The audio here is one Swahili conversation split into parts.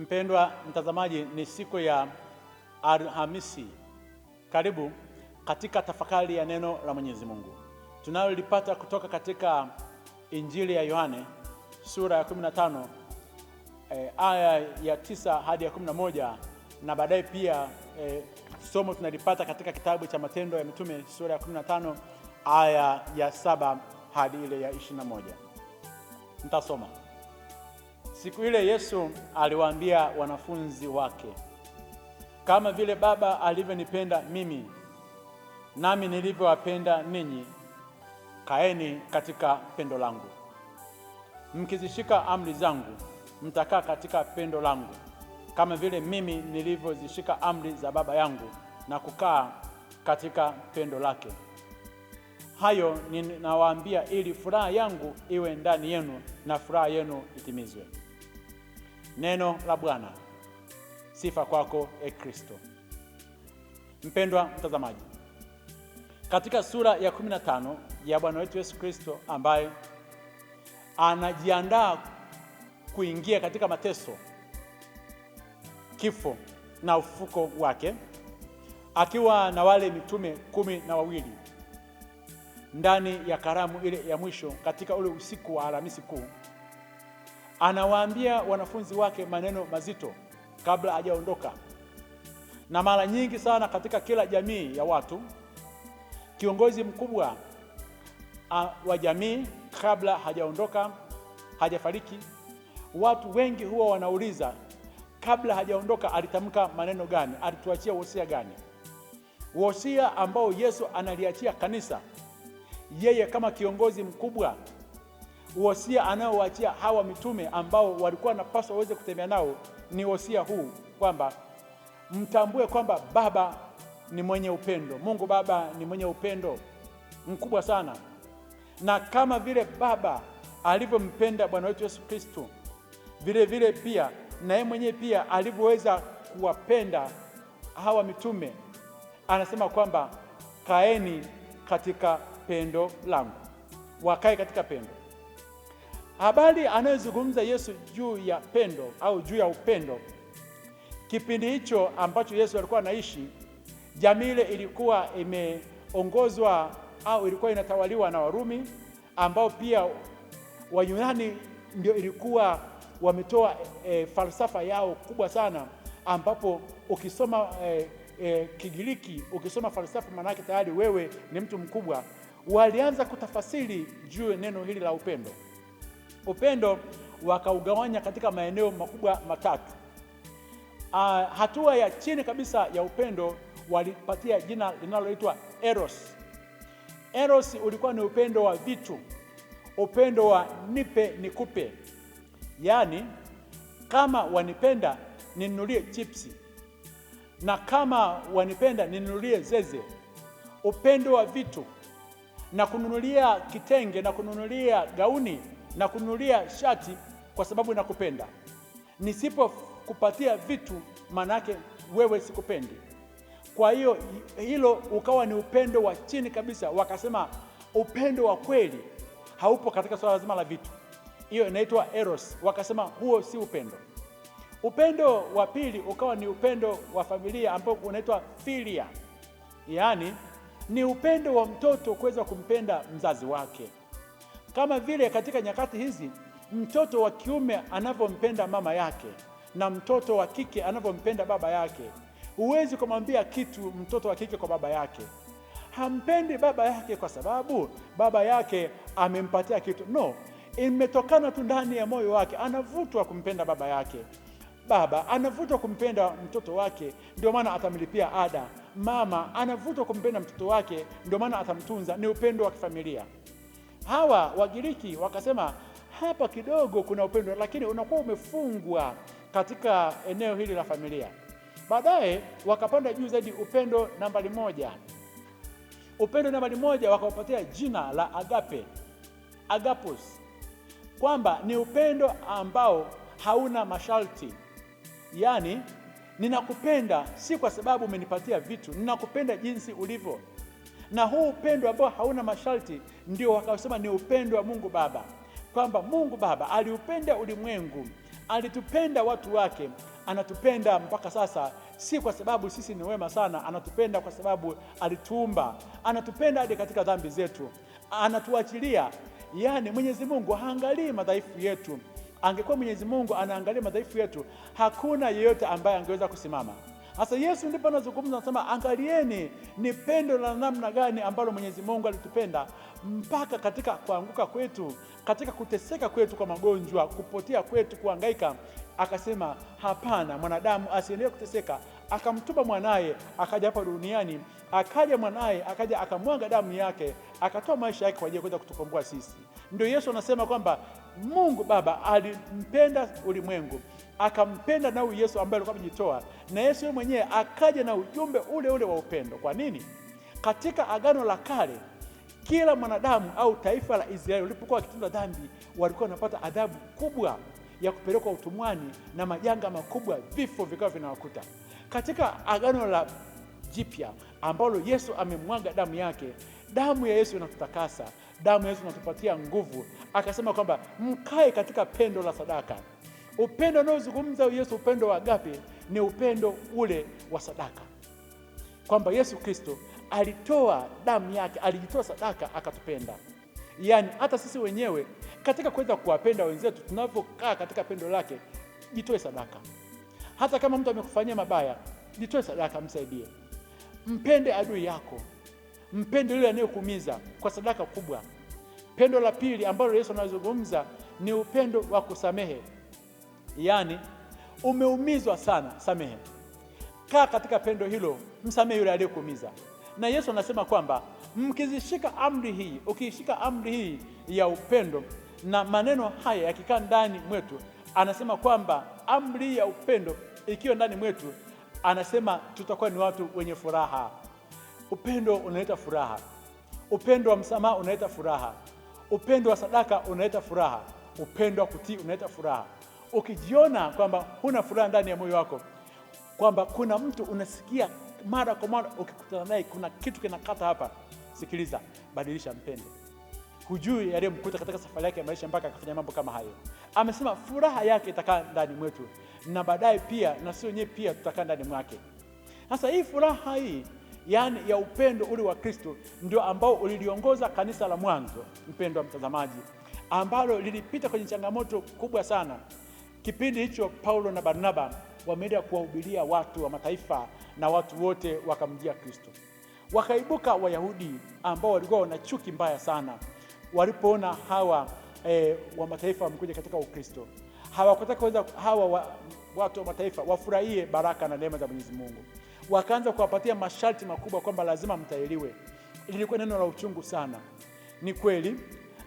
Mpendwa mtazamaji, ni siku ya Alhamisi. Karibu katika tafakari ya neno la Mwenyezi Mungu tunalolipata kutoka katika Injili ya Yohane sura ya 15 e, eh, aya ya tisa hadi ya 11 na baadaye pia e, somo tunalipata katika kitabu cha Matendo ya Mitume sura ya 15 aya ya saba hadi ile ya 21. Nitasoma. Siku ile Yesu aliwaambia wanafunzi wake, kama vile Baba alivyonipenda mimi, nami nilivyowapenda ninyi, kaeni katika pendo langu. Mkizishika amri zangu, mtakaa katika pendo langu, kama vile mimi nilivyozishika amri za Baba yangu na kukaa katika pendo lake. Hayo ninawaambia ili furaha yangu iwe ndani yenu na furaha yenu itimizwe. Neno la Bwana. Sifa kwako e Kristo. Mpendwa mtazamaji, katika sura ya 15 ya Bwana wetu Yesu Kristo ambaye anajiandaa kuingia katika mateso, kifo na ufufuko wake akiwa na wale mitume kumi na wawili ndani ya karamu ile ya mwisho katika ule usiku wa Alhamisi Kuu anawaambia wanafunzi wake maneno mazito kabla hajaondoka. Na mara nyingi sana katika kila jamii ya watu, kiongozi mkubwa wa jamii kabla hajaondoka, hajafariki, watu wengi huwa wanauliza kabla hajaondoka alitamka maneno gani? Alituachia wosia gani? Wosia ambao Yesu analiachia kanisa, yeye kama kiongozi mkubwa Wosia anaowaachia hawa mitume ambao walikuwa wanapaswa waweze kutembea nao ni wosia huu kwamba mtambue kwamba Baba ni mwenye upendo. Mungu Baba ni mwenye upendo mkubwa sana, na kama vile Baba alivyompenda Bwana wetu Yesu Kristo, vile vile pia na yeye mwenyewe pia alivyoweza kuwapenda hawa mitume, anasema kwamba kaeni katika pendo langu, wakae katika pendo habari anayozungumza Yesu juu ya pendo au juu ya upendo, kipindi hicho ambacho Yesu alikuwa anaishi, jamii ile ilikuwa imeongozwa au ilikuwa inatawaliwa na Warumi ambao pia Wayunani ndio ilikuwa wametoa e, falsafa yao kubwa sana, ambapo ukisoma e, e, Kigiriki ukisoma falsafa, maanake tayari wewe ni mtu mkubwa. Walianza kutafasiri juu neno hili la upendo upendo wakaugawanya katika maeneo makubwa matatu. Uh, hatua ya chini kabisa ya upendo walipatia jina linaloitwa eros. Eros ulikuwa ni upendo wa vitu, upendo wa nipe nikupe, yaani kama wanipenda ninunulie chipsi na kama wanipenda ninunulie zeze. Upendo wa vitu na kununulia kitenge na kununulia gauni na kununulia shati kwa sababu nakupenda. Nisipokupatia vitu, maana yake wewe sikupendi. Kwa hiyo hilo ukawa ni upendo wa chini kabisa. Wakasema upendo wa kweli haupo katika swala zima la vitu, hiyo inaitwa eros. Wakasema huo si upendo. Upendo wa pili ukawa ni upendo wa familia ambao unaitwa filia, yaani ni upendo wa mtoto kuweza kumpenda mzazi wake. Kama vile katika nyakati hizi mtoto wa kiume anavyompenda mama yake na mtoto wa kike anavyompenda baba yake. Huwezi kumwambia kitu mtoto wa kike kwa baba yake. Hampendi baba yake kwa sababu baba yake amempatia kitu. No, imetokana tu ndani ya moyo wake, anavutwa kumpenda baba yake. Baba anavutwa kumpenda mtoto wake, ndio maana atamlipia ada. Mama anavutwa kumpenda mtoto wake, ndio maana atamtunza. Ni upendo wa kifamilia. Hawa Wagiriki wakasema hapa kidogo kuna upendo, lakini unakuwa umefungwa katika eneo hili la familia. Baadaye wakapanda juu zaidi, upendo nambari moja, upendo nambari moja wakawapatia jina la agape, agapus, kwamba ni upendo ambao hauna masharti, yaani ninakupenda si kwa sababu umenipatia vitu, ninakupenda jinsi ulivyo na huu upendo ambao hauna masharti ndio wakasema ni upendo wa Mungu Baba, kwamba Mungu Baba aliupenda ulimwengu, alitupenda watu wake, anatupenda mpaka sasa. Si kwa sababu sisi ni wema sana, anatupenda kwa sababu alituumba, anatupenda hadi katika dhambi zetu, anatuachilia. Yaani Mwenyezi Mungu haangalii madhaifu yetu. Angekuwa Mwenyezi Mungu anaangalia madhaifu yetu, hakuna yeyote ambaye angeweza kusimama sasa Yesu ndipo anazungumza anasema, angalieni ni pendo la namna gani ambalo Mwenyezi Mungu alitupenda mpaka katika kuanguka kwetu, katika kuteseka kwetu kwa magonjwa, kupotea kwetu, kuhangaika, akasema hapana, mwanadamu asiendelee kuteseka akamtuma mwanaye akaja hapa duniani, akaja mwanaye akaja akamwaga damu yake, akatoa maisha yake kwa ajili ya kuweza kutukomboa sisi. Ndio Yesu anasema kwamba Mungu Baba alimpenda ulimwengu akampenda nao Yesu ambaye alikuwa amejitoa, na Yesu yeye mwenyewe akaja na ujumbe ule ule wa upendo. Kwa nini? Katika Agano la Kale kila mwanadamu au taifa la Israeli walipokuwa wakitenda dhambi walikuwa wanapata adhabu kubwa ya kupelekwa utumwani na majanga makubwa, vifo vikawa vinawakuta. Katika Agano la Jipya ambalo Yesu amemwaga damu yake, damu ya Yesu inatutakasa, damu ya Yesu inatupatia nguvu. Akasema kwamba mkae katika pendo la sadaka. Upendo unaozungumza Yesu, upendo wa agape, ni upendo ule wa sadaka, kwamba Yesu Kristo alitoa damu yake, alijitoa sadaka, akatupenda. Yaani hata sisi wenyewe katika kuweza kuwapenda wenzetu, tunavyokaa katika pendo lake, jitoe sadaka. Hata kama mtu amekufanyia mabaya, jitoe sadaka, msaidie. Mpende adui yako, mpende yule anayekuumiza kwa sadaka kubwa. Pendo la pili ambalo Yesu anazungumza ni upendo wa kusamehe yaani umeumizwa sana, samehe. Kaa katika pendo hilo, msamehe yule aliyekuumiza. Na Yesu anasema kwamba mkizishika amri hii, ukiishika amri hii ya upendo na maneno haya yakikaa ndani mwetu, anasema kwamba amri hii ya upendo ikiwa ndani mwetu, anasema tutakuwa ni watu wenye furaha. Upendo unaleta furaha, upendo wa msamaha unaleta furaha, upendo wa sadaka unaleta furaha, upendo wa kutii unaleta furaha ukijiona kwamba huna furaha ndani ya moyo wako, kwamba kuna mtu unasikia mara kwa mara ukikutana naye kuna kitu kinakata hapa, sikiliza, badilisha, mpende. Hujui aliyemkuta katika safari yake ya maisha mpaka akafanya mambo kama hayo. Amesema furaha yake itakaa ndani mwetu na baadaye pia na sio nyewe pia tutakaa ndani mwake. Sasa hii furaha hii yaani ya upendo ule wa Kristo ndio ambao uliliongoza kanisa la mwanzo, mpendo wa mtazamaji, ambalo lilipita kwenye changamoto kubwa sana. Kipindi hicho Paulo na Barnaba wameenda kuwahubiria watu wa mataifa na watu wote wakamjia Kristo. Wakaibuka Wayahudi ambao walikuwa wana chuki mbaya sana walipoona hawa e, wa mataifa wamekuja katika Ukristo. Hawakutaka weza hawa wa, watu wa mataifa wafurahie baraka na neema za Mwenyezi Mungu. Wakaanza kuwapatia masharti makubwa kwamba lazima mtahiriwe. Ilikuwa neno la uchungu sana. Ni kweli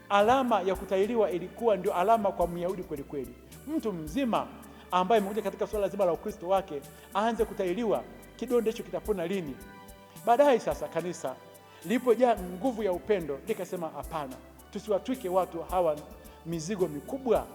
alama ya kutahiriwa ilikuwa ndio alama kwa Myahudi kweli kweli mtu mzima ambaye amekuja katika suala zima la Ukristo wake aanze kutahiriwa, kidonda hicho kitapona lini? Baadaye sasa kanisa lilipojaa nguvu ya upendo likasema, hapana, tusiwatwike watu hawa mizigo mikubwa.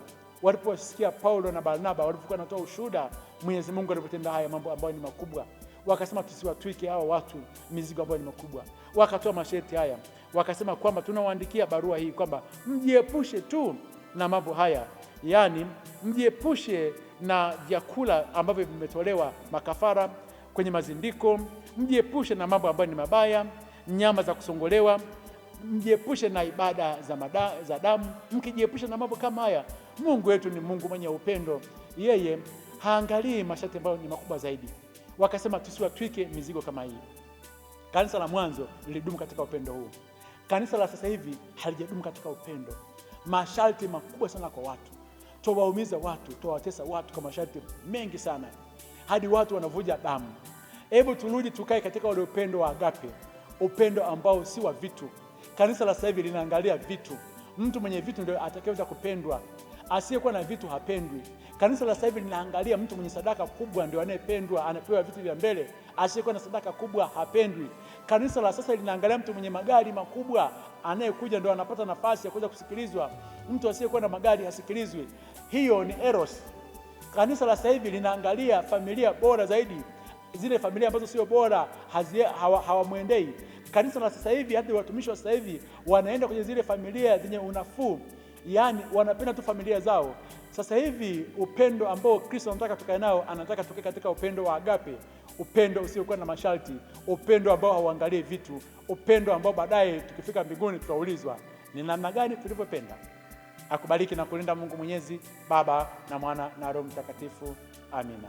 Waliposikia Paulo na Barnaba walipokuwa wanatoa ushuhuda, Mwenyezi Mungu alipotenda haya mambo ambayo ni makubwa, wakasema tusiwatwike hawa watu mizigo ambayo ni makubwa. Wakatoa masharti haya, wakasema kwamba tunawaandikia barua hii kwamba mjiepushe tu na mambo haya, yaani mjiepushe na vyakula ambavyo vimetolewa makafara kwenye mazindiko, mjiepushe na mambo ambayo ni mabaya, nyama za kusongolewa, mjiepushe na ibada za, mada, za damu. Mkijiepusha na mambo kama haya, Mungu wetu ni Mungu mwenye upendo, yeye haangalii masharti ambayo ni makubwa zaidi. Wakasema tusiwatwike mizigo kama hii. Kanisa la mwanzo lilidumu katika upendo huu. Kanisa la sasa hivi halijadumu katika upendo, masharti makubwa sana kwa watu twawaumiza watu, twawatesa watu kwa masharti mengi sana, hadi watu wanavuja damu. Hebu turudi tukae katika wale upendo wa agape, upendo ambao si wa vitu. Kanisa la sasa hivi linaangalia vitu. Mtu mwenye vitu ndio atakayeweza kupendwa. Asiyekuwa na vitu hapendwi. Kanisa la sasa hivi linaangalia mtu mwenye sadaka kubwa ndio anayependwa, anapewa vitu vya mbele. Asiyekuwa na sadaka kubwa hapendwi. Kanisa la sasa linaangalia mtu mwenye magari makubwa, anayekuja ndio anapata nafasi ya kuweza kusikilizwa. Mtu asiyekuwa na magari hasikilizwi. Hiyo ni eros. Kanisa la sasa hivi linaangalia familia bora zaidi. Zile familia ambazo sio bora hawamwendei. hawa Kanisa la sasa hivi, hadi watumishi wa sasa hivi wanaenda kwenye zile familia zenye unafuu yaani wanapenda tu familia zao. Sasa hivi upendo ambao Kristo anataka tukae nao, anataka tukae katika upendo wa agape, upendo usiokuwa na masharti, upendo ambao hauangalii vitu, upendo ambao baadaye tukifika mbinguni tutaulizwa ni namna gani tulivyopenda. Akubariki na kulinda Mungu Mwenyezi, Baba na Mwana na Roho Mtakatifu. Amina.